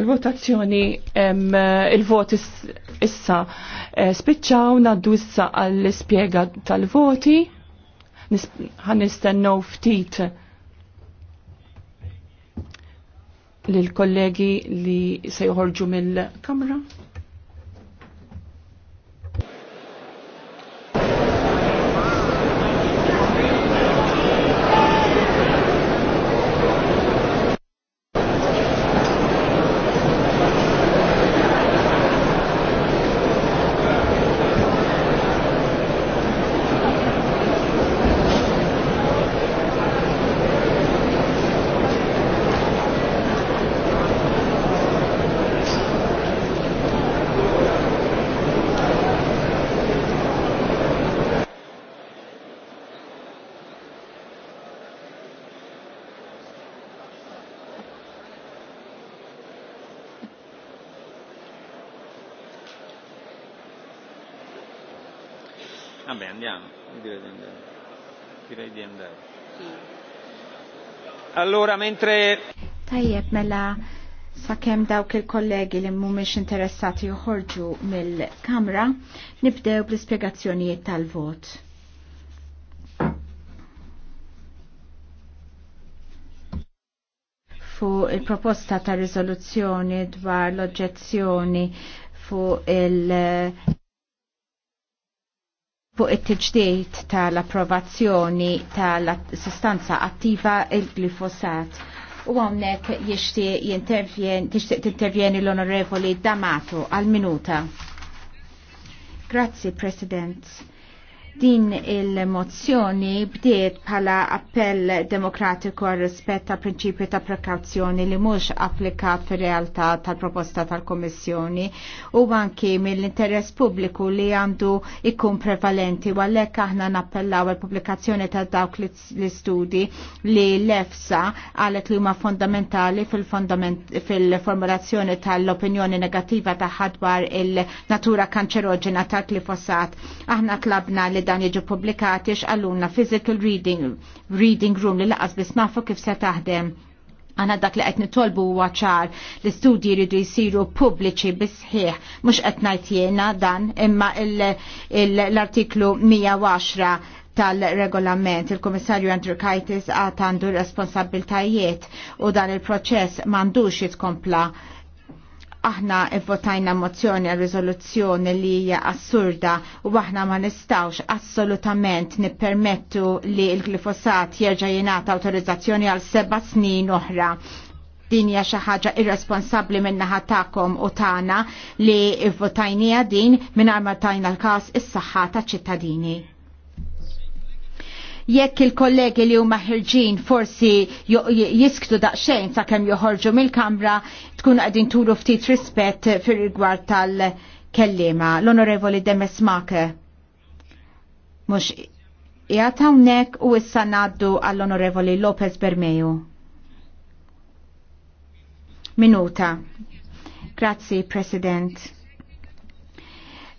għal-votazzjoni il-voti issa eh, spiċċaw naddu issa għall-spiega tal-voti ħanistennu ftit lil kollegi li se joħorġu mill-kamra. Vabbè, andiamo, direi di andare. Direi di andare. Allora, mentre... Tajjeb, mela sakemm dawk il-kollegi li mhumiex interessati joħorġu mill-Kamra, nibdew bl-ispjegazzjonijiet tal-vot. fu il-proposta ta' riżoluzzjoni dwar l-oġġezzjoni fu il- fuq it-tiġdejt tal-approvazzjoni tal-sustanza attiva il-glifosat. U għonek jishtiq intervjeni l-onorevoli Damato għal-minuta. Grazie, President. Din il-mozzjoni bdiet bħala appell demokratiku għal rispett ta' prinċipju ta' prekawzjoni li mhux applikat fir realtà tal-proposta tal-Kommissjoni u anki mill-interess pubbliku li għandu ikun prevalenti għalhekk aħna nappellaw il-pubblikazzjoni ta' dawk l-istudji li l-EFSA qalet li huma fondamentali fil-formulazzjoni tal-opinjoni negattiva ta' ħadwar il-natura kanċeroġena tal-glifosat. Aħna tlabna li li dan jiġu publikati xalluna physical reading, reading room li laqas bis nafu kif se taħdem għana dak li għetni tolbu għacħar l-istudji rridu jisiru publiċi bisħiħ, mux għetnajt jena dan imma l-artiklu 110 tal-regolament il-Komissarju Andrew Kaitis għat għandu responsabiltajiet u dan il-proċess mandux jitkompla aħna votajna mozzjoni għal rizoluzzjoni li hija assurda u aħna ma nistawx assolutament nippermettu li l-glifosat jerġa' jingħata awtorizzazzjoni għal seba' snin oħra din hija xi ħaġa irresponsabbli min-naħa tagħkom u tagħna li votajnija din mingħajr ma tajna l-każ is-saħħa taċ-ċittadini jekk il-kollegi li huma ħirġin forsi jisktu daqsxejn sakemm joħorġu mill-Kamra tkun qegħdin turu ftit rispett fir-rigward tal-kellima. L-Onorevoli Demes Make. Mhux Jgħat hawnhekk u issa ngħaddu għall-Onorevoli Lopez Bermeju. Minuta. grazie President.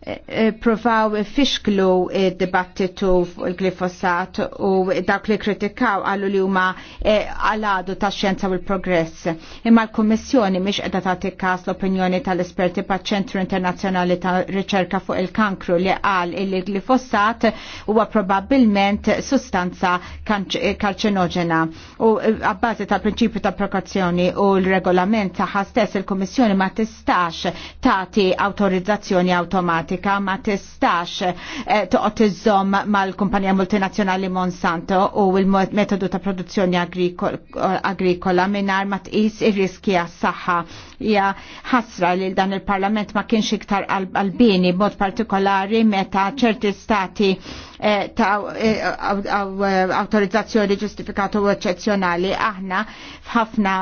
Eh, eh, provaw fixklu dibattitu fuq il-glifosat u dak li kritikaw għallu li huma eh, għaladu ta' xjenza u l-progress. Imma l-Kommissjoni miex qiegħda ta' tikkas l-opinjoni tal-esperti paċ-Ċentru Internazzjonali ta' Riċerka fuq il-Kankru li qal il glifosat huwa probabbilment sustanza karċinoġena. U għabbazi tal-prinċipju ta' prokazzjoni u l-regolament ta' stess il-Kommissjoni ma tistax tagħti awtorizzazzjoni automatika pratika ma tistax eh, toqgħod iżom mal-kumpanija multinazzjonali Monsanto u il-metodu ta' produzzjoni agrikola mingħajr ma tqis ir-riski għas-saħħa. Hija ħasra li dan il-Parlament ma kienx iktar al-bini b'mod partikolari meta ċerti stati eh, ta' eh, awtorizzazzjoni ġustifikatu u eċċezzjonali aħna f'ħafna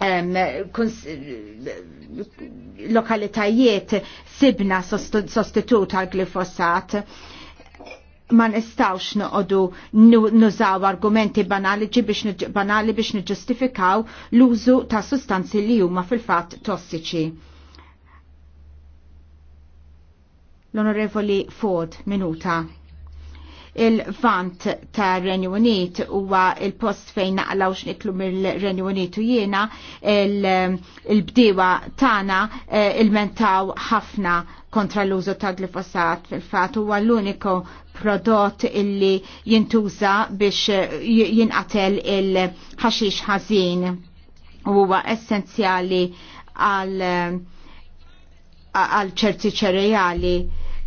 lokalitajiet sibna sostituta għal glifosat ma nistawx noqodu nużaw argumenti banali biex banali biex niġġustifikaw l-użu ta' sustanzi li huma fil fat tossiċi. L-Onorevoli Ford, minuta il-vant ta' Renju Unit huwa il-post fejn naqlaw x'nitlu mill-Renju u jiena il bdiwa tagħna eh, il-mentaw ħafna kontra l-użu ta' glifosat fil-fat huwa l-uniku prodott illi jintuża biex jinqatel il-ħaxix ħażin u huwa essenzjali għal ċerti ċereali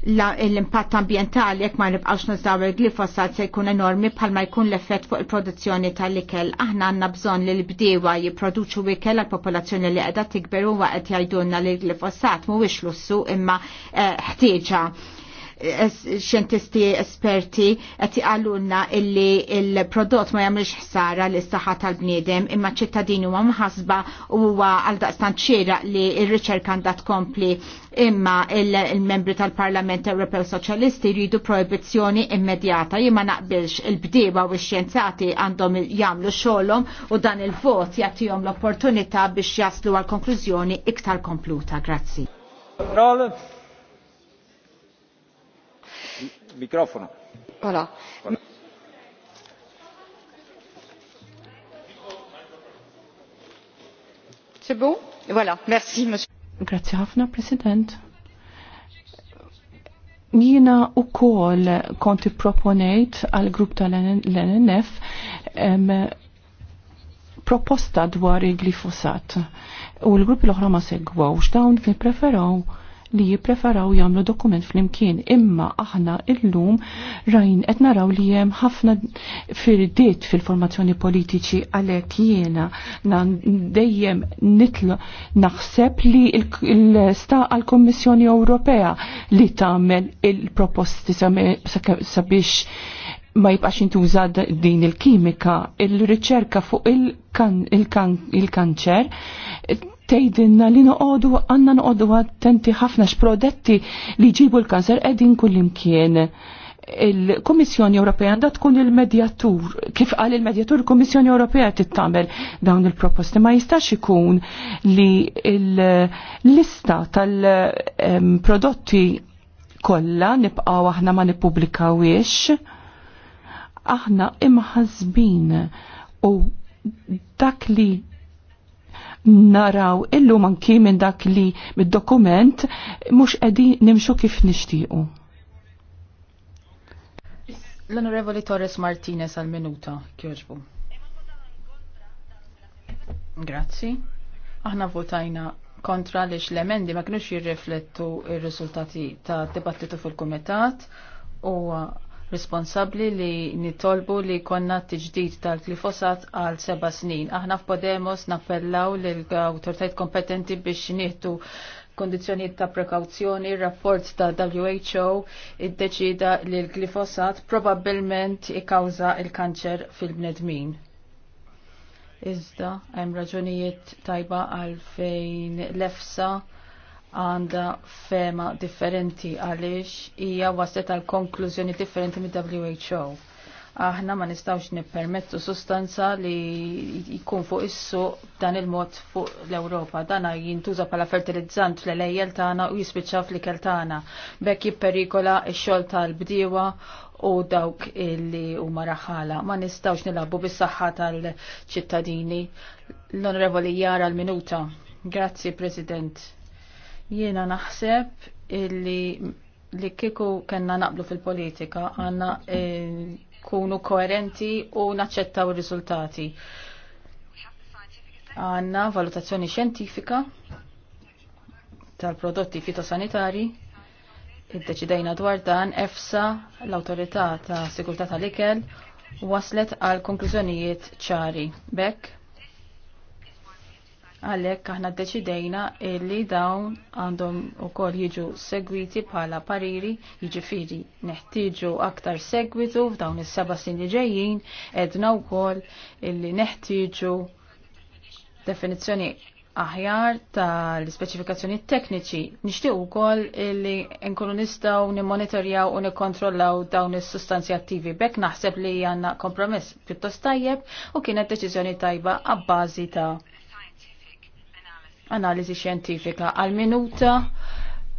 l-impatt ambientali jekk ma nibqgħux nużaw il-glifosat se jkun enormi bħalma jkun l-effett fuq il-produzzjoni tal-ikel. Aħna għandna bżonn li l bdewa jipproduċu ikel għal popolazzjoni li qiegħda tikber u waqt jgħidulna li l-glifosat mhuwiex lussu imma eh, ħtieġa. Eh, xjentisti esperti qed jqalulna illi il-prodott ma jagħmilx ħsara l saħħa tal-bniedem imma ċittadini ma mħasba u huwa għal daqstant ċira li r-riċerka għandha tkompli imma il-membri tal-Parlament Ewropew Soċjalisti jridu proibizzjoni immedjata jimma naqbilx il-bdiba u x-xjenzati għandhom jagħmlu xogħolhom u dan il-vot jagħtihom l-opportunità biex jaslu għal konklużjoni iktar kompluta. Grazzi. Roll. Mikrofono. Voilà. C'est bon Voilà, merci monsieur. Grazie Hafna, President. Jiena u kol konti proponejt għal grupp tal-NNF proposta dwar il-glifosat. U l-grupp l ohra ma segwawx dawn kien preferaw li jippreferaw jagħmlu dokument flimkien. Imma aħna illum rajn qed naraw li hemm ħafna firdiet fil-formazzjoni politiċi għalhekk jiena dejjem nitlu naħseb li l-sta għall-Kommissjoni Ewropea li tagħmel il-proposti sabiex ma jibqax intuża din il-kimika, il-riċerka fuq il-kanċer tejdinna li noqodu għanna noqodu attenti ħafna x'prodetti li jġibu l-kanser edin kullimkien. Il-Komissjoni Ewropea għandha tkun il-medjatur, kif qal il-medjatur il-Komissjoni Ewropea tittamel dawn il-proposti. Ma jistax ikun li l-lista tal-prodotti kollha nibqgħu aħna ma nippubblikawiex. Aħna imħazbin u dak li naraw illu manki minn dak li mid-dokument mhux qegħdin nimxu kif nixtiequ. L-Onorevoli Torres Martinez għal minuta kjoġbu. Grazzi. Aħna votajna kontra lix l-emendi ma kienux jirriflettu il-riżultati ta' dibattitu fil-Kumitat u responsabli li nitolbu li konna t-ġdid tal-glifosat għal seba snin. Aħna f'Podemos nappellaw l-autoritajt kompetenti biex nieħdu kondizjoni ta' prekawzjoni, rapport ta' WHO id-deċida li l-glifosat probabilment ikkawza il-kanċer fil-bnedmin. Iżda, hemm raġunijiet tajba għalfejn l-EFSA għanda fema differenti għaliex hija waslet għal konklużjoni differenti mid WHO. Aħna ma nistawx nippermettu sustanza li jkun fuq issu dan il-mod fuq l-Ewropa. Dana jintuża pala fertilizzant fl-lejjel tagħna u jispiċċa fl-ikel tagħna. Bekk jipperikola x-xogħol tal-bdiewa u dawk illi huma raħala. Ma nistawx nilabu bis-saħħa tal-ċittadini. L-Onorevoli Jara l-Minuta. Grazzi, President. Jiena naħseb illi li kiku kena naqblu fil-politika għanna eh, kunu koerenti u naċċettaw il-riżultati. Għanna valutazzjoni xjentifika tal-prodotti fitosanitari id-deċidejna dwar dan EFSA, l-Autorità ta' Sigurtà tal-Ikel, waslet għal konklużjonijiet ċari. Bekk, Għalhekk aħna ddeċidejna li dawn għandhom ukoll jiġu segwiti bħala pariri, jiġifieri neħtieġu aktar segwitu f'dawn is-seba' sin ġejjin, edna wkoll illi neħtieġu definizzjoni aħjar tal-speċifikazzjoni tekniċi. Nixtieq ukoll illi nkunu nistgħu nimmonitorjaw u nikkontrollaw dawn is-sustanzi attivi. Bekk naħseb li għandna kompromess pjuttost tajjeb u kienet deċiżjoni tajba għabbażi ta' analiżi xjentifika għal minuta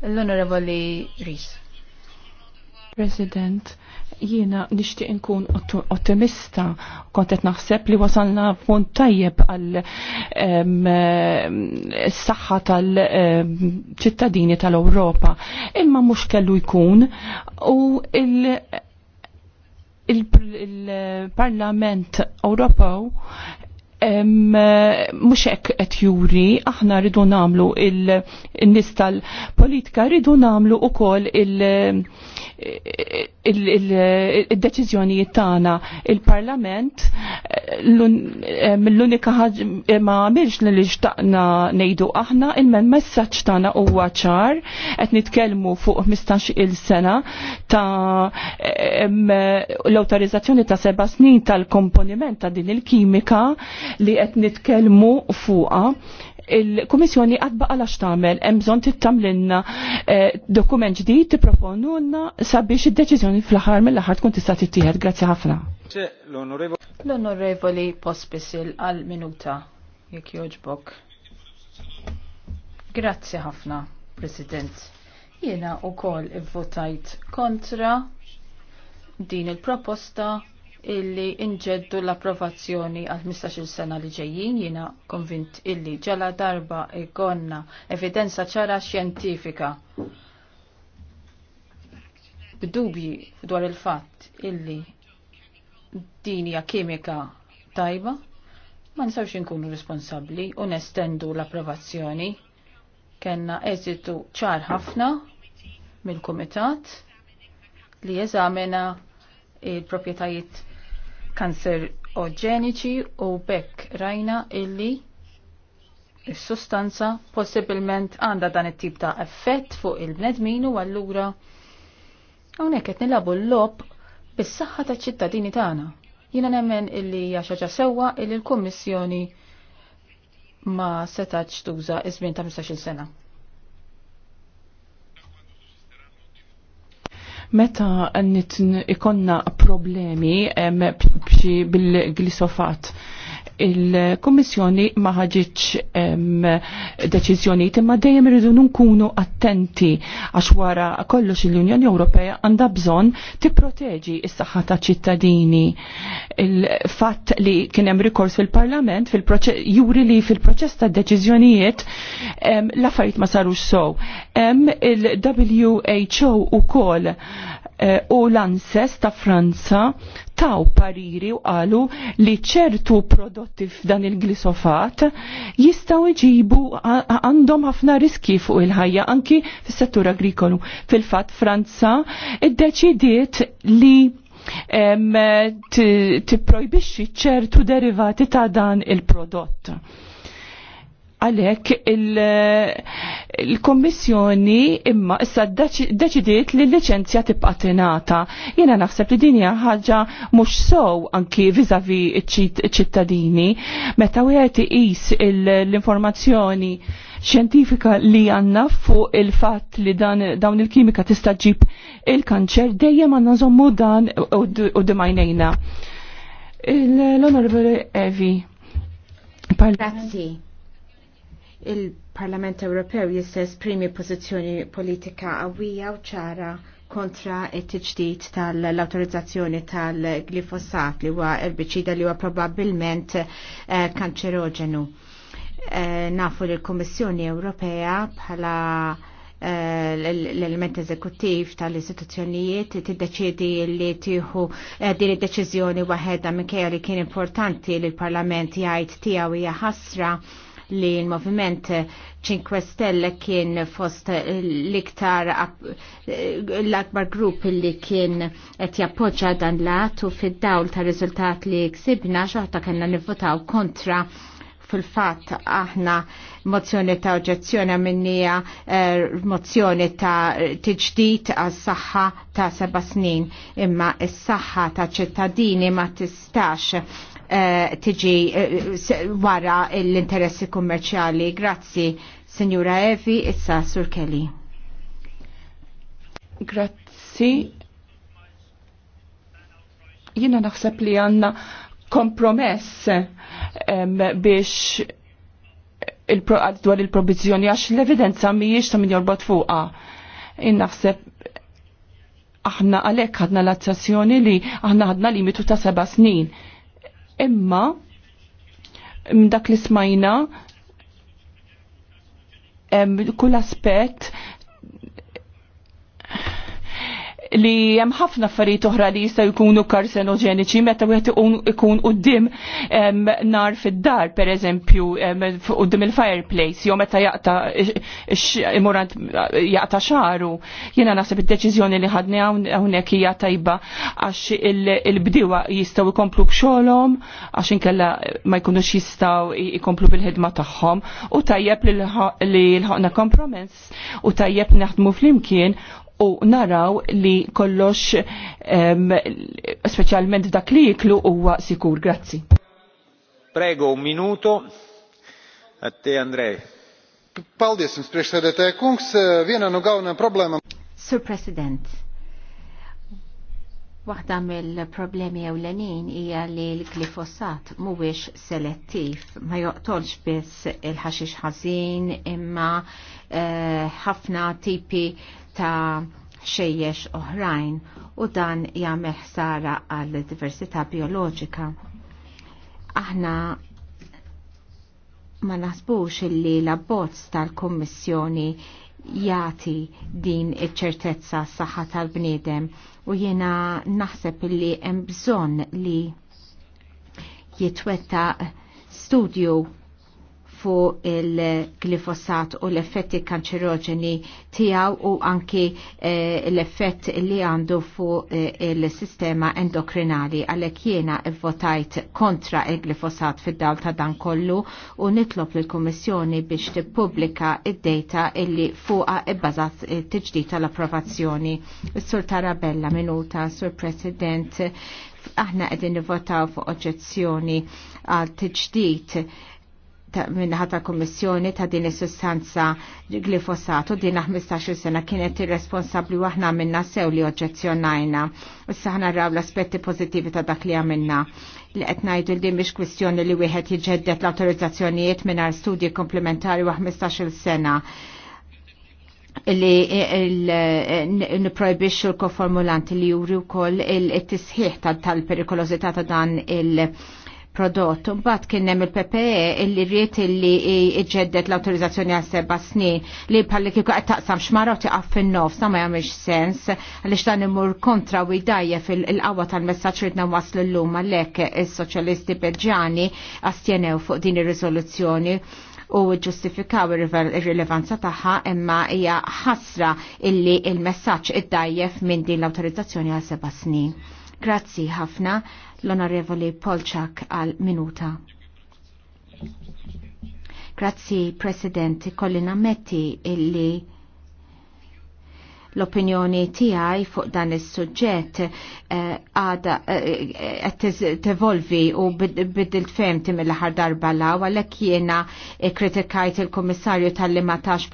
l-Onorevoli Ries. President, jiena nixtieq nkun ottimista kont qed naħseb li wasalna punt tajjeb għal s-saħħa tal-ċittadini tal-Ewropa. Imma mhux kellu jkun u il- il-Parlament Ewropew mhux hekk qed juri aħna rridu nagħmlu il-nies tal-politika rridu nagħmlu ukoll il-, il il deċizjoni tagħna il-Parlament eh, eh, l-unika eh, ma għamilx li xtaqna ngħidu aħna il-men messaġġ tagħna huwa ċar qed nitkellmu fuq 15 il sena ta' l-awtorizzazzjoni ta' seba' snin tal-komponiment ta' din il-kimika li qed nitkellmu fuqha il-Komissjoni għadba għalax tamel, emżon tittamlinna eh, dokument ġdijt t-proponunna sabiex id-deċizjoni fl-ħar mill-ħar tkun tista' tittieħed. Grazzi ħafna. L-Onorevoli Pospisil għal minuta jekk joġbok. Grazzi ħafna, President. Jiena u i votajt kontra din il-proposta illi inġeddu l-approvazzjoni għal 15 sena li ġejjin jina konvint illi ġala darba ikonna evidenza ċara xjentifika b'dubji dwar il-fatt illi dinja kimika tajba ma nsawx inkunu responsabli u nestendu l-approvazzjoni kenna eżitu ċar ħafna mill-kumitat li jeżamena il-propietajiet kanser oġeniċi u bekk rajna illi il-sustanza possibilment għanda dan it-tip ta' effett fuq il-bnedmin u allura hawnhekk qed nilabu l-lob bis-saħħa taċ-ċittadini tagħna. Jiena nemmen illi hija xaġa sewwa illi l-Kummissjoni ma setax tuża iż-żmien ta' 15-il sena. Meta ikonna problemi bil-glisofat il-Kommissjoni ma ħaġitx deċizjoni imma dejjem irridu nkunu attenti għax wara kollox l-Unjoni Ewropea għandha bżonn tipproteġi s-saħħa ta' ċittadini. Il-fatt li kien hemm rikors fil-Parlament fil juri li fil-proċess ta' deċiżjonijiet l-affarijiet ma sarux sow. Hemm il-WHO ukoll Eh, u l-anses ta' Franza taw pariri u qalu li ċertu prodotti f'dan il-glisofat jistaw iġibu għandhom ħafna riski fuq il-ħajja anki fis-settur agrikolu. Fil-fatt Franza id-deċidiet li tipprojbixxi ċertu derivati ta' dan il-prodott Għalek il-Kommissjoni imma issa deċidiet li l-licenzja tibqa' tingħata. Jiena naħseb li dinja ħaġa mhux sow anki viżavi ċittadini meta wieħed iqis l-informazzjoni xjentifika li għanna fuq il-fatt li dan dawn il-kimika tista' ġib il-kanċer dejjem għanna zommu dan u dimajnejna. L-Onorevole Evi. Grazie il-Parlament Ewropew jista' esprimi pożizzjoni politika qawwija u ċara kontra it-tiġdid tal-autorizzazzjoni tal-glifosat li huwa erbiċida li huwa probabbilment eh, kanċeroġenu. Eh, nafu li l-Kummissjoni Ewropea bħala eh, l-element eżekuttiv tal-istituzzjonijiet tiddeċidi li tieħu din id-deċiżjoni waħedha minkejja li kien importanti li l-Parlament jgħid tiegħu hija ħasra li l-moviment 5 Stelle kien fost l-iktar l-akbar grupp li kien qed jappoġġa dan l-att u fid-dawl ta' riżultat li ksibna xaħta kellna nivvotaw kontra fil-fatt aħna mozzjoni ta' oġezzjoni minnija eh, mozzjoni ta' tiġdid għas saħħa ta' seba' snin imma s-saħħa ta' ċittadini ma tistax Eh, tiġi eh, wara l-interessi kummerċjali. Grazzi, Signora Evi, issa Sur Kelly. Grazzi. Jina naħseb li għanna kompromess biex dwar il-provizjoni għax l-evidenza mhijiex ta' min jorbot fuqha. naħseb aħna għalhekk għadna l-azzazzjoni li aħna ħadna limitu ta' seba' snin Imma dak li smajna kull aspett li hemm ħafna affarijiet oħra li jistgħu jkunu karsenogeniċi meta wieħed ikun quddiem nar fid-dar pereżempju quddiem il-fireplace jew meta jaqta imurant jaqta xaru. Jiena naħseb id-deċiżjoni li ħadni hawnhekk hija tajba għax il-bdiewa jistgħu jkomplu b'xogħolhom għax inkella ma jkunux jistgħu jkomplu bil-ħidma tagħhom u tajjeb li l-ħaqna kompromess u tajjeb naħdmu flimkien u naraw li kollox speċjalment dak li jiklu huwa sikur. Grazzi. Prego, un minuto. A te, Andrej. Paldies, jums priekšsēdētāja kungs, viena no galvenajām problēmām. Sir President, Waħda mill-problemi ewlenin hija li l-glifosat mhuwiex selettiv, ma joqtolx biss il-ħaxix ħażin imma eh, ħafna tipi ta' xejjex oħrajn u dan jagħmel ħsara għal diversità bioloġika. Aħna ma naħsbux illi l-abbozz tal-Kommissjoni jati din iċ-ċertezza saħħa tal-bniedem u jiena naħseb illi hemm bżonn li jitwetta studju fuq il-glifosat u l-effetti kanċeroġeni tijaw u anki eh, l-effett li għandu fuq eh, il-sistema endokrinali għalek jena votajt kontra il-glifosat fid-dawl ta' dan kollu u nitlob l komissjoni biex tippubblika id-data illi fuqa ibbażat eh, tiġdid tal-approvazzjoni. Sur Tarabella minuta, Sur President, aħna qegħdin nivotaw fuq oġġezzjoni għal tiġdid minnaħat ta' kommissjoni ta' din is-sustanza glifosatu din 15 sena kienet irresponsabbli waħna minna sew li oġġezzjonajna. Issa ħna raw l-aspetti pożittivi ta' dak li għamilna li qed ngħidu li mhix kwistjoni li wieħed jiġġedded l-awtorizzazzjonijiet mingħajr studji komplementari waħ 15-il sena li niprojbixxu l-koformulanti li juri wkoll il-tisħiħ tal perikolożità ta' dan il- prodott. Mbagħad kien hemm il-PPE illi rrid illi iġġedded l-awtorizzazzjoni għal seba' snin li bħalli kieku qed taqsam xmara u fin-nofs ma jagħmilx sens għaliex dan imur kontra u jdajjef il-qawwa tal-messaġġ ridna waslu llum għalhekk is-soċjalisti Belġani astjenew fuq din ir-riżoluzzjoni u ġustifikaw ir-rilevanza tagħha imma hija ħasra illi il-messaġġ iddajjef minn din l-awtorizzazzjoni għal seba' snin. Grazzi ħafna l-Onorevoli Polczak għal minuta. Grazzi President, kolli nammetti illi l-opinjoni tiegħi fuq dan is-suġġett eh, għada qed eh, eh, tevolvi u biddilt femti mill-aħħar darba law għalhekk jiena kritikajt il-Kummissarju tal-li ma tax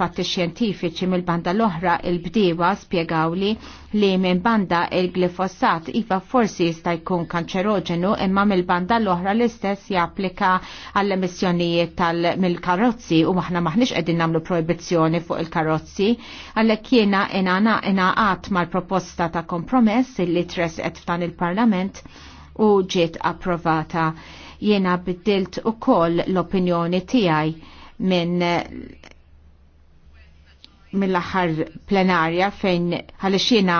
fatti xjentifiċi mill-banda l-oħra il-bdiewa spjegawli li minn banda il-glifosat iva forsi jista' jkun kanċeroġenu imma mill-banda l-oħra l-istess japplika għall-emissjonijiet tal-mill-karozzi u maħna maħniex qegħdin nagħmlu proibizzjoni fuq il-karozzi għalhekk jiena inaqat mal-proposta ta' kompromess li qed f'dan il-Parlament u ġiet approvata. Jiena biddilt ukoll l-opinjoni tiegħi minn mill-aħħar plenarja fejn għalixina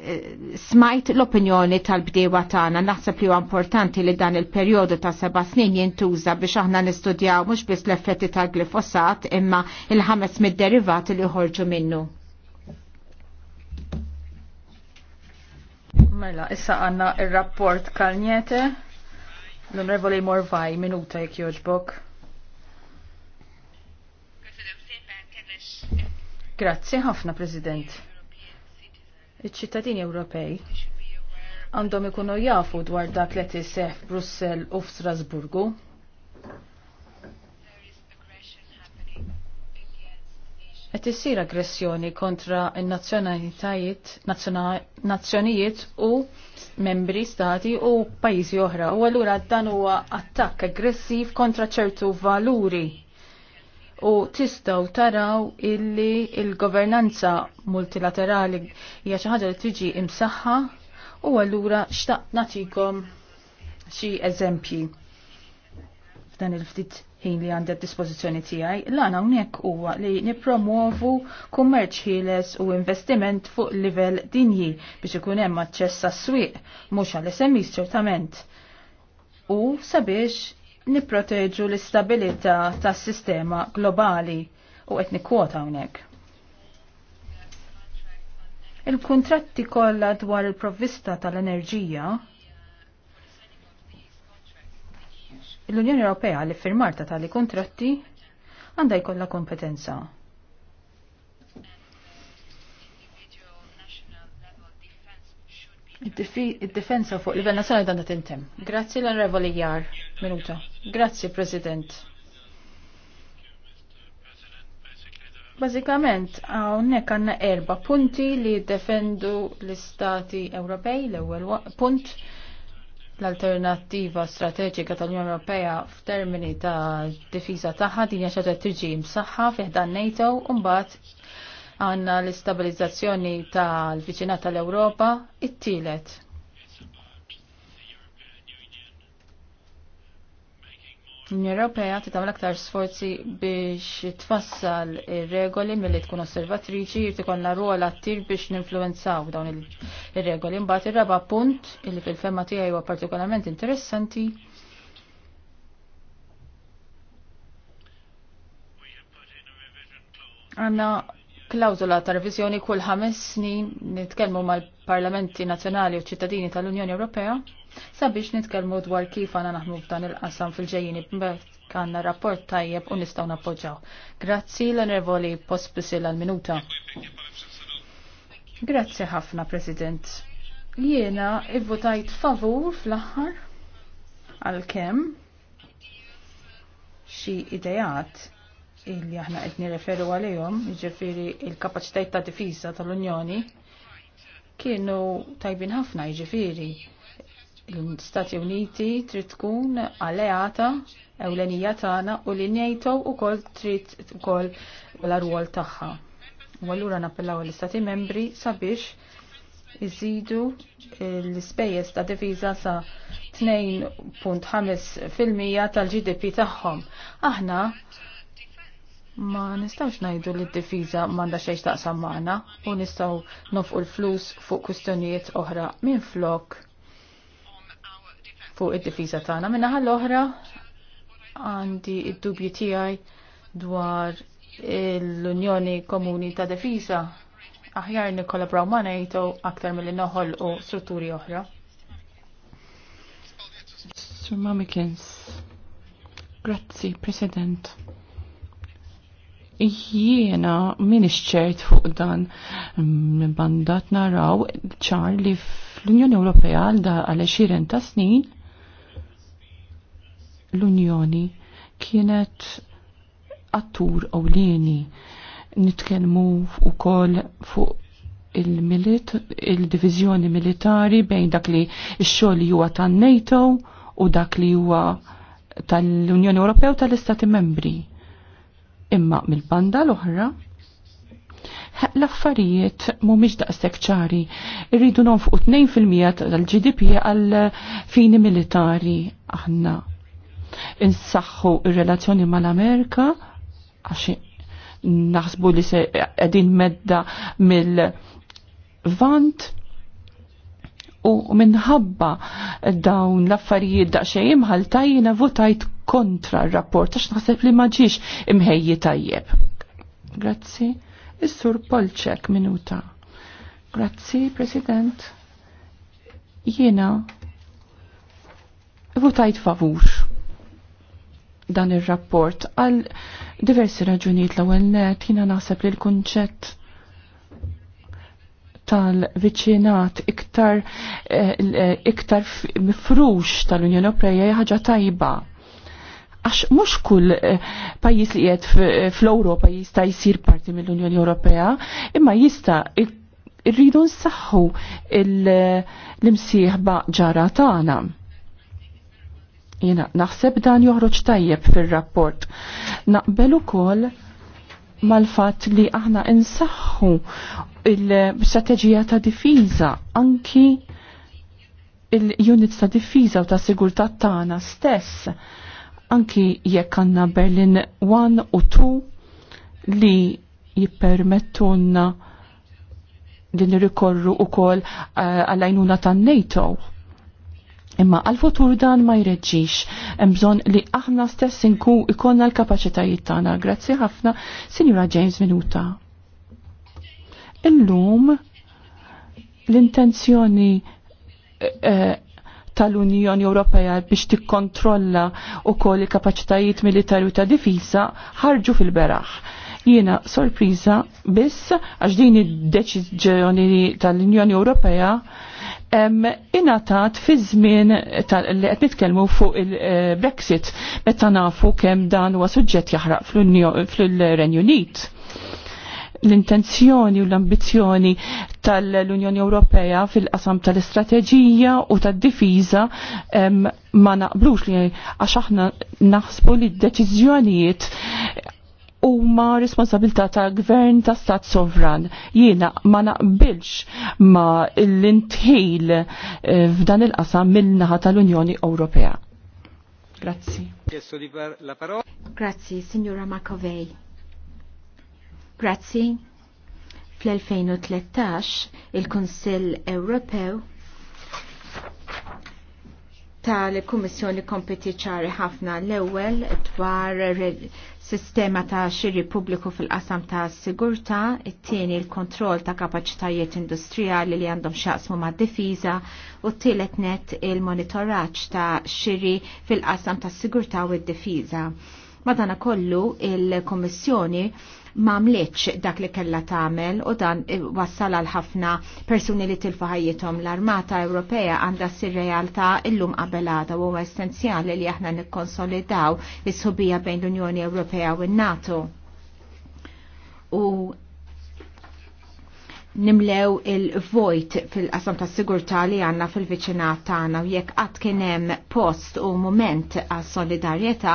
eh, smajt l-opinjoni tal-bdewa tagħna naħseb li huwa importanti li dan il-perjodu ta' seba' snin jintuża biex aħna nistudjaw mhux biss l-effetti tal-glifosat imma il-ħames mid-derivati li ħorġu minnu. Mela, issa għanna il-rapport kalniete l-onorevoli Morvaj minuta jek joġbok. Grazzi ħafna, President. Iċ-ċittadini Ewropej għandhom ikunu jafu dwar dak li tiseħ Brussel u Strasburgu. Qed issir aggressjoni kontra n-nazzjonalitajiet, nazzjonijiet u membri stati u pajjiżi oħra. U allura dan huwa attakk aggressiv kontra ċertu valuri u tistaw taraw illi il-governanza multilaterali hija xi ħaġa li tiġi imsaħħa u allura xtaqt nagħtikom xi eżempji f'dan il-ftit ħin li għandha d dispożizzjoni tiegħi, l-għana hawnhekk huwa li nippromovu kummerċ ħieles u investiment fuq livell dinji biex ikun hemm aċċess għas-swieq mhux għall SMEs ċertament. U sabiex nipproteġu l-istabilità tas-sistema globali u qed nikkwota hawnhekk. Il-kuntratti kollha dwar il-provvista tal-enerġija l-Unjoni Ewropea li firmarta tali kuntratti għandha jkollha kompetenza. id defensa fuq livell nazzjonali dan tintem. Grazzi l-Onorevoli Jar. Minuta. Grazzi, President. Bazzikament, għawnek għanna erba punti li defendu l-Istati Ewropej, l-ewel punt l-alternativa strateġika tal-Unjoni Ewropea f'termini ta' difiża tagħha din hija xaġa tiġi msaħħa fih dan NATO u mbagħad għandna l-istabilizzazzjoni tal-viċinat tal-Ewropa it-tielet L-Unjoni Ewropea titgħamel aktar sforzi biex tfassal ir-regoli milli tkun osservatriċi jrid ikollna rwol attir biex ninfluwenzaw dawn ir-regoli. Imbagħad ir-raba' punt illi fil-femma tiegħi huwa partikolarment interessanti għanna klawzula ta' revizjoni kull ħames snin nitkellmu mal-parlamenti nazzjonali u ċittadini tal-Unjoni Ewropea sabiex nitkellmu dwar kif għana naħmu f'dan il-qasam fil-ġejjini b'mett kanna rapport tajjeb u nistgħu nappoġġaw. Grazzi l-onorevoli pospisil għal-minuta. Grazzi ħafna, President. Jiena ivvotajt favur fl-aħħar għal kem xi idejat illi aħna qed nirreferu għalihom, jiġifieri il kapaċitajt ta' difiża tal-Unjoni, kienu tajbin ħafna jiġifieri l-Stati Uniti trid tkun alleata ewlenija tagħna u li NATO wkoll trid ukoll la rwol tagħha. U allura nappellaw l-Istati Membri sabiex iżidu l-ispejjeż ta' diviża sa 2.5% tal-GDP tagħhom. Aħna ma nistawx najdu li d-difiża m'għandha xejn taqsam magħna u nistgħu nofqu l-flus fuq kwistjonijiet oħra minn flok fuq id-difiża tagħna. Minnaħa l-oħra għandi id-dubji tiegħi dwar l-Unjoni Komuni ta' Difiża aħjar nikkollabraw ma' NATO aktar milli noħolqu strutturi oħra. Sir Mamikins, grazzi, President jiena min ċert fuq dan bandat naraw ċar li fl-Unjoni Ewropea għal da għal 20 ta' snin l-Unjoni kienet attur ewlieni nitkellmu wkoll fuq il-milit, il-divizjoni militari bejn dak li x-xogħol huwa tan-NATO u dak li huwa tal-Unjoni Ewropew tal-Istati Membri. Imma mill-banda l-oħra l-affarijiet mhumiex daqshekk ċari. Irridu nonfqu 2% tal-GDP għal fini militari aħna insaħħu il relazzjoni mal-Amerika għax naħsbu li se qegħdin medda mill-vant u minħabba dawn l-affarijiet imħal tajjina votajt kontra r-rapport għax naħseb li ma ġiex imħejji tajjeb. Grazzi. Is-sur Polċek minuta. Grazzi, President. Jiena votajt favur dan ir-rapport għal diversi raġunijiet l-ewwel net jiena naħseb li l-kunċett tal-viċinat iktar eh, iktar mifrux tal-Unjoni Ewropea ħaġa tajba għax mhux kull eh, pajjiż li qiegħed fl ewropa jista jsir parti mill-Unjoni Ewropea, imma jista irridu nsaħħu l-imsieħba ġara tagħna. Jena naħseb dan joħroġ tajjeb fil-rapport. Naqbel ukoll mal-fat li aħna insaħħu il-strategija ta' difiża anki il-units ta' difiża u ta' sigurtà tagħna stess anki jekk għandna Berlin 1 u 2 li jippermettunna li nirikorru ukoll eh, għall-għajnuna tan NATO Imma għal-futur dan ma jreġġix, bżon li aħna stess inku ikonna l-kapacitajiet tagħna. Grazzi ħafna, Sinjura James Minuta. Illum l-intenzjoni eh, eh, tal-Unjoni Ewropea biex tikkontrolla u koll il-kapacitajiet militari u ta' difisa ħarġu fil-beraħ jiena sorpriża biss għax din id-deċiżjoni tal-Unjoni Ewropea inatat fi żmien li qed nitkellmu fuq il-Brexit meta nafu kemm dan huwa suġġett jaħraq fl-Renju Unit. L-intenzjoni u l-ambizjoni tal-Unjoni Ewropea fil-qasam tal-istrateġija u tad-difiża ma naqblux li għax aħna naħsbu li d-deċiżjonijiet huma responsabilità ta' gvern ta' stat sovran. Jiena ma naqbilx ma l-intħil eh, f'dan il-qasam mill-naħa tal-Unjoni Ewropea. Grazzi. Grazzi, Signora Makovej. Grazzi. Fl-2013 il kunsill Ewropew tal-Kummissjoni kompeti ċari ħafna l-ewwel dwar sistema ta' xirri pubbliku fil-qasam ta' sigurta, it-tieni il-kontroll ta' kapaċitajiet industrijali li għandhom xaqsmu ma' difiża u t-tielet net il-monitoraġġ ta' xiri fil-qasam ta' sigurta u d-difiża. Madana kollu il komissjoni mamleċ dak li kella tagħmel u dan wassal għal ħafna persuni li tilfu ħajjithom l-Armata Ewropea għandha sir realtà illum qabelada u essenzjali li aħna nikkonsolidaw is-subija bejn l-Unjoni Ewropea u n-NATO. U nimlew il-vojt fil-qasam ta' sigurta li għanna fil-vicinat tagħna u jekk qatt kien hemm post u moment għas solidarjetà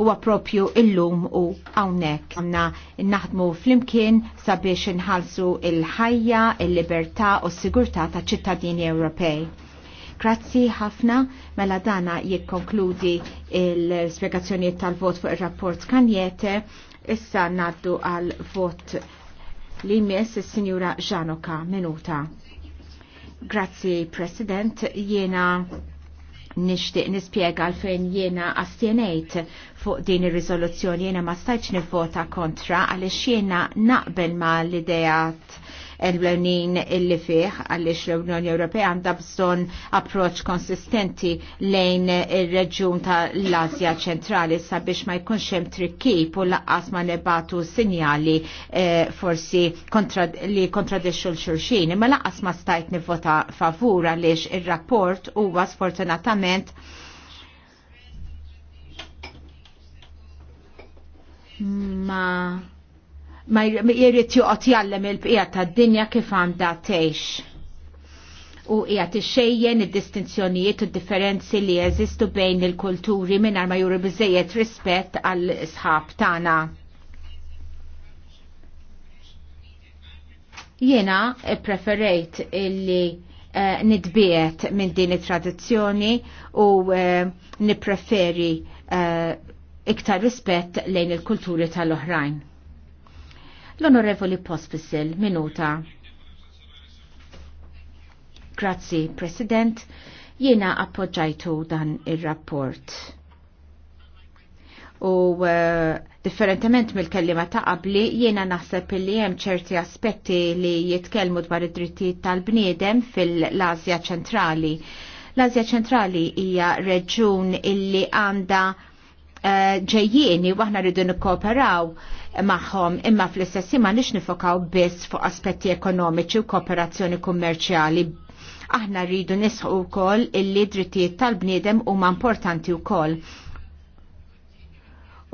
huwa il illum u hawnhekk. Għanna naħdmu flimkien sabiex nħalsu il-ħajja, il-libertà u s-sigurtà ta' ċittadini Ewropej. Grazzi ħafna mela dana jikkonkludi il-spiegazzjoni tal-vot fuq ir rapport kanjete issa naddu għal vot li jmiss il-Sinjura Ġanoka minuta. Grazzi, President, jena nishtiq nispiega għalfejn jena astjenejt fuq din ir-riżoluzzjoni jiena ma stajtx nivvota kontra għaliex jiena naqbel ma l-idejat l-lenin illi fih għaliex l-Unjoni Ewropea għandha bżonn approċ konsistenti lejn ir-reġjun tal-Asja ċentrali sabiex ma jkunx hemm trikkib u laqqas ma nebatu sinjali eh, forsi li kontradixxu l-xulxin imma laqqas ma stajt nivvota favur għaliex ir-rapport huwa sfortunatament ma ma jirrit juqot jallem il-bqija ta' dinja kif għanda teħx. U jgħat xejjen id-distinzjonijiet u differenzi li jeżistu bejn il-kulturi minn ma juru bizzejiet rispett għal sħab tana. Jena preferejt illi uh, eh, nidbiet minn din it-tradizzjoni u uh, eh, nipreferi uh, eh, iktar rispett lejn il-kulturi tal-oħrajn. L-Onorevoli Pospisil, minuta. Grazzi, President, jiena appoġġajtu dan il-rapport. U uh, differentement mill-kellima ta' qabli, jiena naħseb li hemm ċerti aspetti li jitkellmu dwar id-drittijiet tal-bniedem fil-Azja ċentrali. L-Azja ċentrali hija reġun illi għanda ġejjieni waħna rridu nikkooperaw magħhom imma fl-istess ma nix nifokaw biss fuq aspetti ekonomiċi u kooperazzjoni kummerċjali. Aħna rridu nisħu wkoll illi drittijiet tal-bniedem huma importanti wkoll.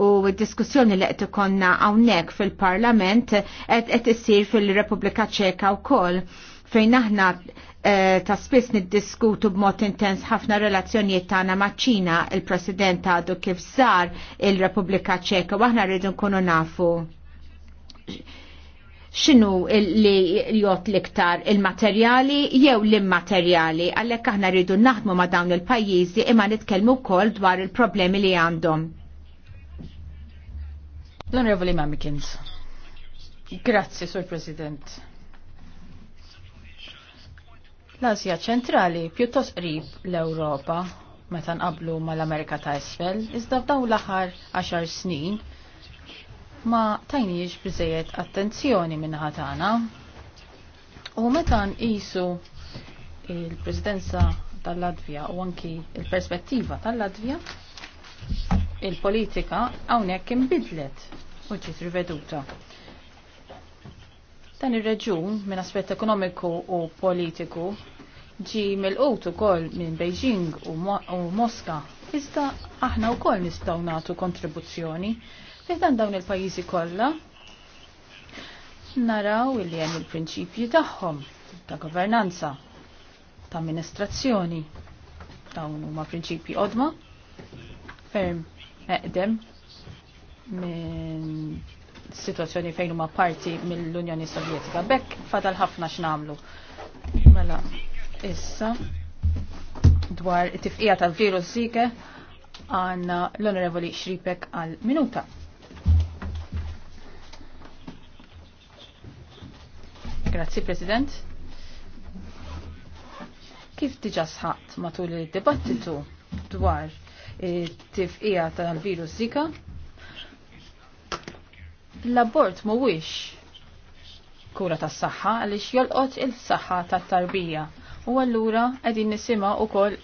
U d-diskussjoni li qed ikonna hawnhekk fil-Parlament qed issir fil-Repubblika Ċeka wkoll fejn aħna Eh, ta' spiss niddiskutu b'mod intens ħafna relazzjonijiet tagħna maċ-Ċina, il-President għadu kif sar il-Repubblika Ċeka, u aħna rridu nkunu nafu xinu li jot liktar il-materjali jew l-immaterjali għallek aħna rridu naħdmu ma dawn il-pajjiżi imma nitkellmu wkoll dwar il-problemi li għandhom. L-Onorevoli Mamikins. Grazzi, Sur President. L-Asja ċentrali pjuttost qrib l-Ewropa meta nqablu mal-Amerika ta' isfel, iżda f'daw l-aħħar 10 snin ma tajniex biżejjed attenzjoni minn tagħna. U meta nqisu il-Presidenza tal-Latvja u anki il-perspettiva tal-Latvja, il-politika hawnhekk inbidlet u ġiet riveduta. Dan ir-reġun minn aspett ekonomiku u politiku ġi mill-qut ukoll minn Beijing u, Moska, iżda aħna wkoll nistgħu nagħtu kontribuzzjoni dan dawn il-pajjiżi kollha naraw li hemm il-prinċipji tagħhom ta' governanza, ta' amministrazzjoni. Dawn huma prinċipji qodma ferm eqdem minn situazzjoni fejn huma parti mill-Unjoni Sovjetika. Bekk fadal ħafna x'namlu. Mela, issa dwar it-tifqija tal-virus zike għanna l-Onorevoli Xripek għal minuta. Grazzi, President. Kif diġa sħat matul il-dibattitu dwar it-tifqija tal-virus zika? l-abort mhuwiex kura tas-saħħa għaliex jolqot il-saħħa tat-tarbija. U allura qegħdin nisimgħu kol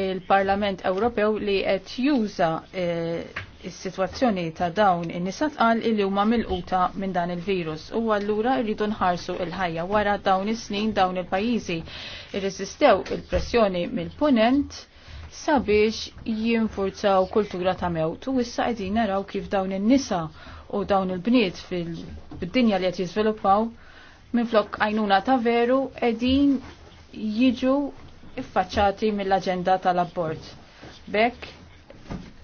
il-Parlament Ewropew li qed juża eh, il sitwazzjoni ta' dawn in-nisa tqal li huma milquta minn dan il-virus u allura rridu nħarsu il-ħajja wara dawn is-snin dawn il-pajjiżi irreżistew il-pressjoni mill-punent sabiex jinfurzaw kultura ta' mewt u issa qegħdin naraw kif dawn in-nisa u dawn il-bniet fil-dinja li qed jiżviluppaw minflok għajnuna ta' veru qegħdin jiġu iffaċċati mill-aġenda tal-abbord. Bekk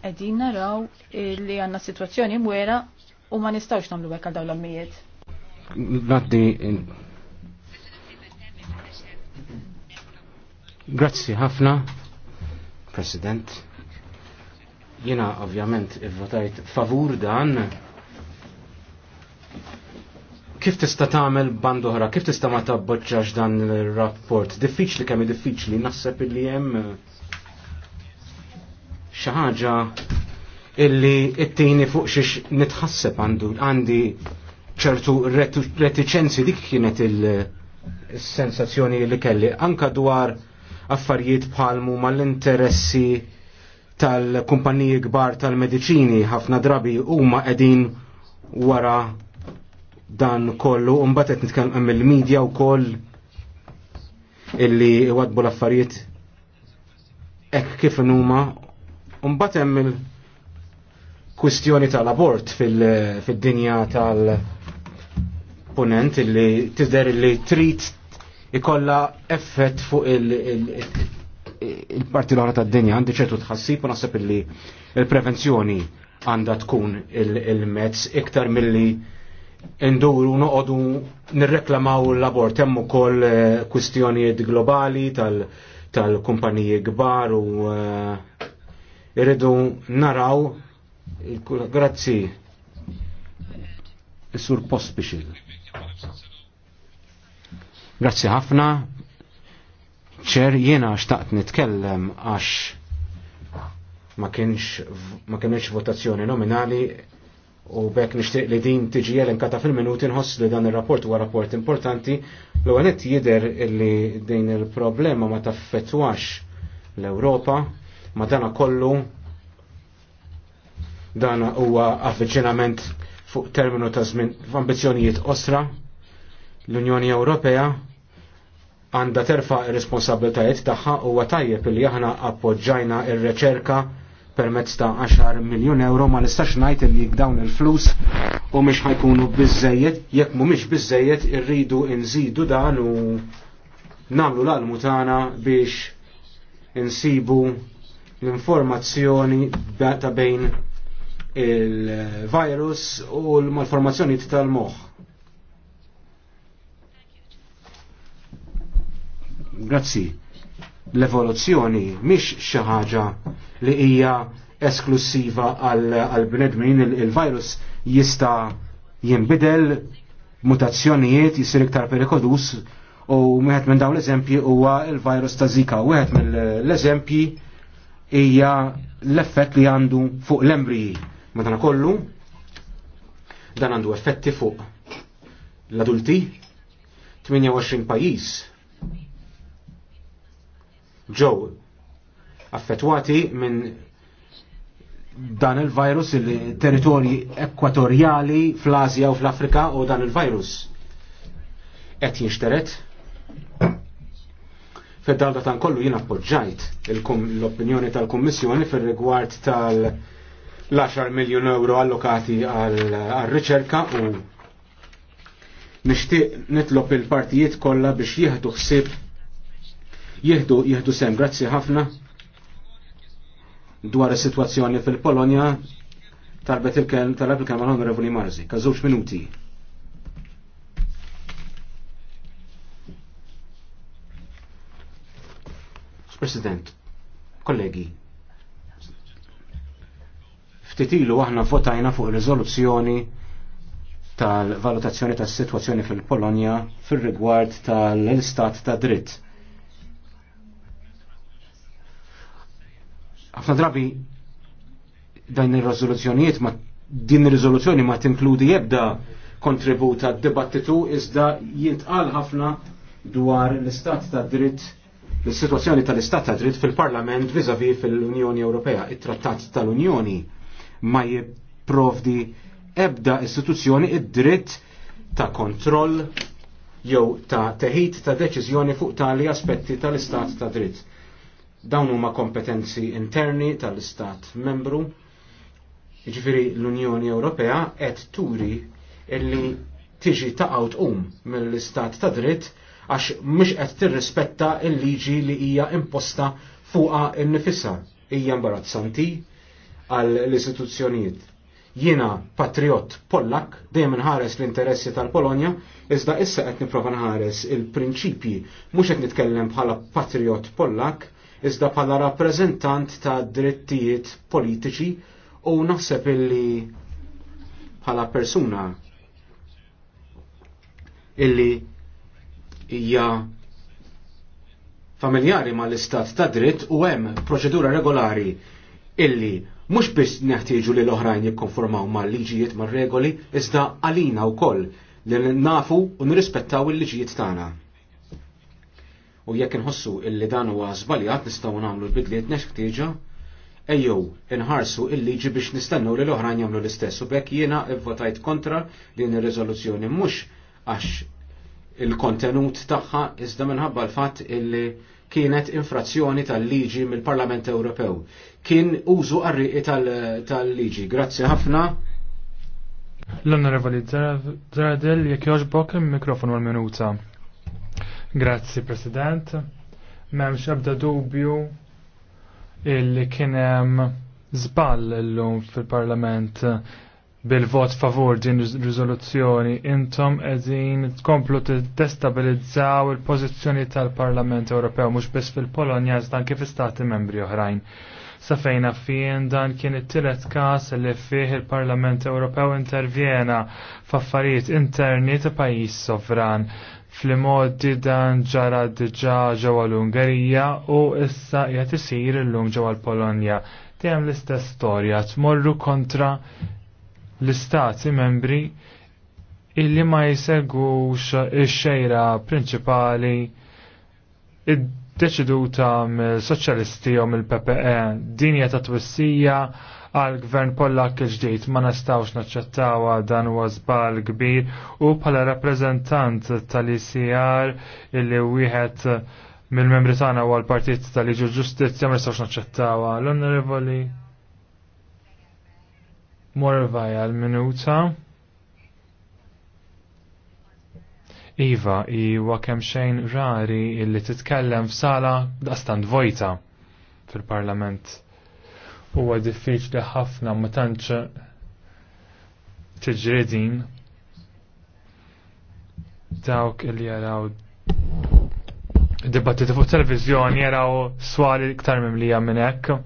qegħdin naraw li għandna sitwazzjoni mwera u ma nistawx nagħmlu hekk għal dawn l-ommijiet. Grazzi ħafna, President. Jena ovvjament votajt favur dan Kif tista' tagħmel band oħra, kif tista' ma tabboċċax dan ir-rapport? Diffiċli kemm diffiċli naħseb illi hemm eh, xi ħaġa illi t tieni fuq xiex nitħasseb għandu għandi ċertu reticenzi dik kienet il-sensazzjoni li kelli anka dwar affarijiet bħalmu mal-interessi tal-kumpaniji kbar tal-medicini ħafna drabi huma qegħdin wara dan kollu, umbat qed nitkellem il-medja wkoll illi wadbu l-affarijiet hekk kif huma, bat hemm il-kwistjoni tal-abort fil-dinja tal-punent illi tidher illi trid ikolla effett fuq il-parti l-oħra tad-dinja għandi ċertu tħassib u naħseb illi il-prevenzjoni għandha tkun il-mezz iktar milli induru noqodu nirreklamaw l-abort hemm ukoll eh, kwistjonijiet globali tal-kumpaniji tal kbar u eh, irridu naraw grazzi sur post bixil. Grazzi ħafna. ċer jiena xtaqt nitkellem għax ma ma kienx votazzjoni nominali U bekk nixtieq li din tiġi elenkata fil-minuti nħoss li dan ir-rapport huwa rapport importanti l għanet jider li din il-problema ma taffetwax l-Ewropa ma dana kollu dan huwa avviċinament fuq terminu ta' żmien f'ambizzjonijiet osra l-Unjoni Ewropea għanda terfa responsabiltajiet tagħha huwa tajjeb li aħna appoġġajna ir-reċerka permezz ta' 10 miljon euro ma nistax ngħid li dawn il-flus u mhux ħajkunu biżejjed jekk mhumiex biżejjed irridu nżidu dan u nagħmlu l-almu tagħna biex insibu l-informazzjoni ta' bejn il-virus u l-malformazzjoni tal-moħħ. Grazzi l-evoluzzjoni mhix xi ħaġa li hija esklusiva għal bnedmin il-virus jista' jinbidel mutazzjonijiet jisir iktar perikodus, u wieħed minn dawn l-eżempji huwa il-virus ta' Zika. Wieħed mill-eżempji hija l-effett li għandu fuq l-embriji. Madana kollu dan għandu effetti fuq l-adulti 28 pajjiż ġew affettwati minn dan il-virus il-territorji ekwatorjali fl-Azja u fl-Afrika u dan il-virus qed jinxteret. fid dalda tan kollu jien appoġġajt l-opinjoni tal-Kummissjoni fir-rigward tal-10 miljun euro allokati għal-riċerka u nixtieq nitlob il-partijiet kollha biex jieħdu ħsieb jihdu, jihdu sem. Grazzi ħafna dwar is-sitwazzjoni fil-Polonja tarbet il-kelm talab il-kelm għal-Onorevoli Marzi. Kazzuċ minuti. President, kollegi, ftitilu aħna votajna fuq riżoluzzjoni tal-valutazzjoni tas-sitwazzjoni fil-Polonja fil-rigward tal-istat ta' dritt. ħafna drabi dan ir-riżoluzzjonijiet ma din ir-riżoluzzjoni ma tinkludi ebda kontribut għad dibattitu iżda jintqal ħafna dwar l-istat ta' dritt l-situazzjoni tal-istat ta' dritt fil-Parlament vizavi fil-Unjoni Ewropea. It-Trattat tal-Unjoni ma jipprovdi ebda istituzzjoni id-dritt ta' kontroll jew ta' teħid ta' deċiżjoni fuq tali aspetti tal-istat ta' dritt. Dawn huma kompetenzi interni tal-Istat membru. Ġifiri l-Unjoni Ewropea qed turi illi tiġi taqgħu għawtqum mill-Istat ta' dritt għax mhux qed tirrispetta l-liġi li hija imposta fuqha nnifisha hija imbarazzanti għall l-istituzzjonijiet. Jiena patriot Pollak dejjem nħares l-interessi tal-Polonja, iżda issa qed nipprova nħares il-prinċipji mhux qed nitkellem bħala patriot Pollak iżda bħala rappreżentant ta' drittijiet politiċi u naħseb illi bħala persuna illi hija familjari mal-istat ta' dritt u hemm proċedura regolari illi mhux biss neħtieġu li l-oħrajn jikkonformaw mal-liġijiet mar-regoli iżda għalina wkoll li nafu u nirrispettaw il-liġijiet tagħna u jekk inħossu illi dan huwa żbaljat nistgħu nagħmlu l-bidliet nex ktieġa, ejjew inħarsu il-liġi biex nistennew li l-oħrajn jagħmlu l-istess u bekk jiena vvotajt kontra din ir-riżoluzzjoni mhux għax il-kontenut tagħha iżda minħabba l-fatt illi kienet infrazzjoni tal-liġi mill-Parlament Ewropew. Kien użu qarriqi tal-liġi. Grazzi ħafna. L-Onorevoli Zardel, jek joġbok il mikrofon għal-minuta. Grazzi, President. Memx ebda dubju illi kienem zball l-lum fil-parlament bil-vot favur din rizoluzzjoni intom edin tkomplu destabilizzaw il-pozizjoni tal-Parlament Ewropew mhux biss fil-Polonja iżda kif istati membri oħrajn. Sa fejna fien dan kien it-tielet każ li fih il-Parlament Ewropew intervjena f'affarijiet interni ta' pajjiż sovran fl-modi dan ġara diġa ġewwa l-Ungerija u issa qed isir illum ġewwa l-Polonja. Tijem l-istess storja tmorru kontra l-istati membri illi ma jisegwux ix-xejra prinċipali id-deċiduta mill-soċjalisti u mill-PPE. Din hija ta' twissija għal gvern Pollak il-ġdid ma nastawx naċċettawa dan huwa żbal kbir u bħala rappreżentant tal-ICR illi wieħed mill-membri tagħna huwa l-Partit tal-Liġu Ġustizzja ma nistgħux naċċettawha. L-Onorevoli Morvaj għal-minuta. Iva, i kemm xejn rari illi titkellem f'sala stand vojta fil-Parlament huwa diffiċli ħafna ma tantx tiġredin dawk li jaraw dibattiti fuq televizjoni jaraw swali iktar mimlija minn hekk.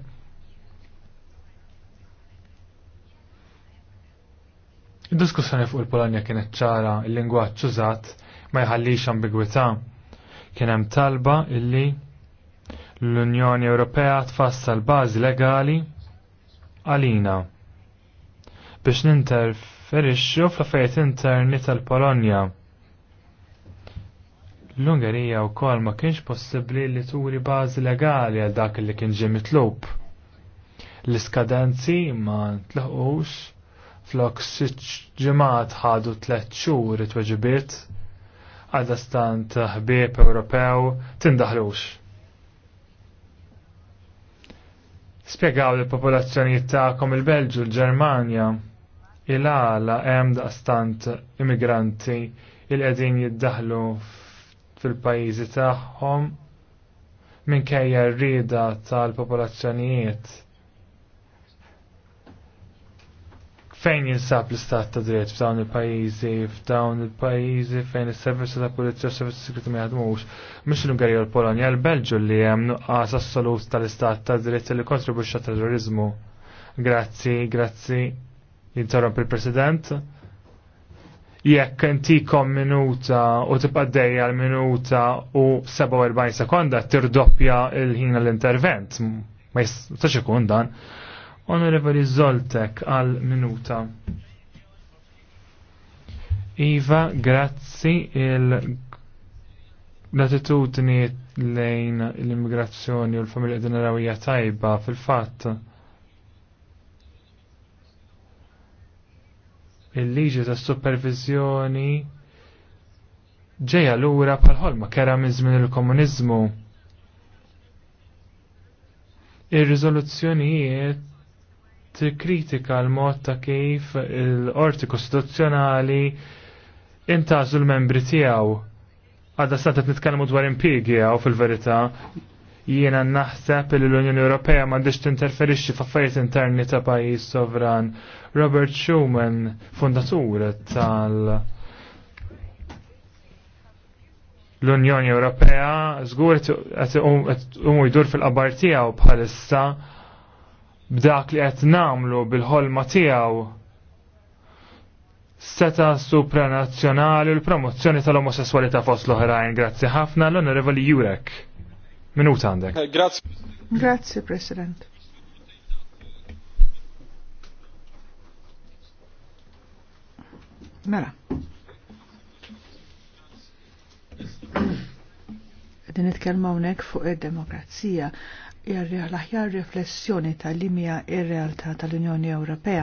Id-diskussjoni fuq il-Polonja kienet ċara, il-lingwaġġ użat ma jħallix ambigwità. Kien hemm talba illi l-Unjoni Ewropea tfassal bażi legali għalina biex ninterferixxu fl-affarijiet interni tal-Polonja. L-Ungerija wkoll ma kienx possibbli li turi bażi legali għal dak li kien ġie mitlub. L-iskadenzi ma ntlaħqux flok sitt ġimgħat ħadu tliet xhur it-tweġibiet għadastant ħbieb Ewropew tindaħlux. Spiegaw li popolazzjoni ta'kom il-Belġu, l germania il-għala hemm daqstant immigranti il-qegħdin jiddaħlu fil-pajjiżi tagħhom minkejja r-rieda tal-popolazzjonijiet fejn jinsab l-istat ta' dritt f'dawn il-pajjiżi, f'dawn il-pajjiżi fejn is-servizzi ta' pulizija u servizzi segreti ma jaħdmux, mhux l-Ungerija l-Polonja, l-Belġu li hemm nuqqas assolut tal-istat ta' dritt li kontribwixxa terrorizmu. Grazzi, grazzi. Jinterromp il-President jekk intikom minuta u tibqa' dejja l-minuta u 47 sekonda tirdoppja il-ħin l-intervent. Ma jistax ikun dan. Onorevoli Zoltek għal minuta. Iva, grazzi l-attitudni lejn l-immigrazzjoni u l-familja dinaraw tajba fil-fatt. il-liġi ta' supervizjoni ġeja l-ura bħal-ħolma kera minn żmien il-komuniżmu. Ir-riżoluzzjonijiet kritika l-mod ta' kif il-qorti kostituzzjonali intażu l-membri tiegħu. Għadda stantet nitkellmu dwar impiegi għaw fil-verità jiena naħseb li l-Unjoni Ewropea m'għandix tinterferixxi f'affarijiet interni ta' pajjiż sovran. Robert Schuman, fondatur tal- l-Unjoni Ewropea, żgur għet umu um jdur fil-qabar tiegħu bħalissa b'dak li qed namlu bil-ħolma tiegħu seta supranazzjonali u l-promozzjoni tal-omosessualità fost l-oħrajn. Grazzi ħafna l-Onorevoli Jurek. Minuta għandek. Grazzi. Eh, Grazzi, President. Mela. Din it hawnhekk fuq id-demokrazija jarriħ l-aħjar riflessjoni tal-limja ir-realtà tal-Unjoni Ewropea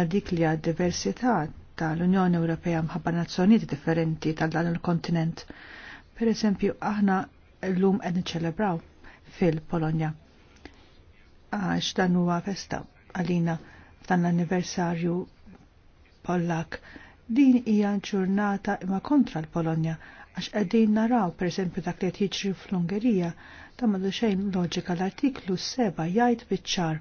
għal dik li għad diversità tal-Unjoni Ewropea mħabba nazzjonijiet differenti tal dan il-kontinent. Per eżempju, aħna l-lum qed niċċelebraw fil-Polonja. Għax dan huwa festa għalina f'dan l-anniversarju Pollak. Din hija ġurnata imma kontra l-Polonja għax qegħdin naraw pereżempju dak li qed jiġri fl-Ungerija ta' madu xejn loġika l-artiklu 7 jgħid biċ-ċar.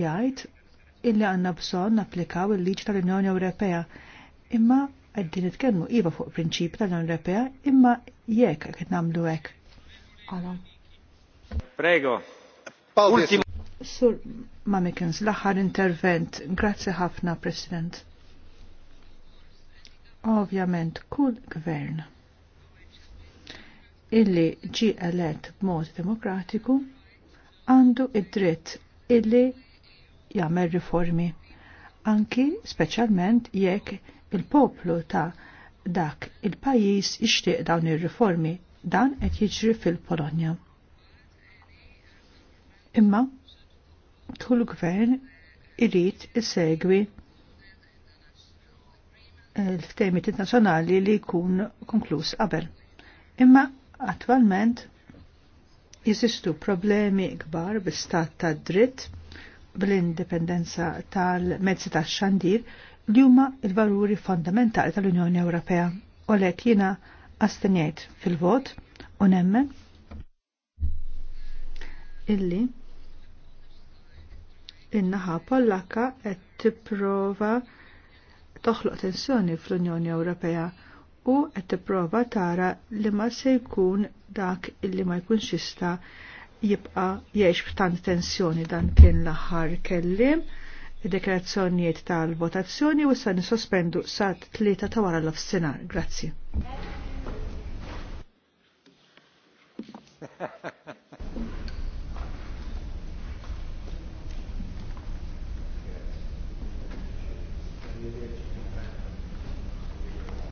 jajt jgħid illi għandna bżonn applikaw il-liġi tal-Unjoni Ewropea imma għeddin nitkellmu iva fuq prinċipi tal-Unjoni Ewropea imma jekk qed nagħmlu hekk. Għala. Prego. Ultimo. Sur Mamikens, l-aħħar intervent. Grazzi ħafna, President. Ovvjament, kull gvern illi ġi elett b'mod demokratiku għandu id-dritt illi jagħmel riformi anki speċjalment jekk il-poplu ta' dak il-pajjiż ixtieq dawn ir-riformi dan qed jiġri fil-Polonja. Imma kull gvern irid isegwi l-ftemi internazzjonali li jkun konkluż qabel. Imma Attualment jesistu problemi kbar bistat stat ta' dritt bl-indipendenza tal-mezzi ta' xandir li huma il-valuri fondamentali tal-Unjoni Ewropea. U lek jiena astenjajt fil-vot u nemmen illi in-naħa Pollakka qed tipprova toħloq tensjoni fl-Unjoni Ewropea u qed tipprova tara li ma se jkun dak illi ma jkunx jista' jibqa jgħix f'tant tensjoni dan kien l-aħħar kellim id-deklarazzjonijiet tal-votazzjoni u issa nisospendu sa tlieta ta' wara l-ofsinar. Grazzi.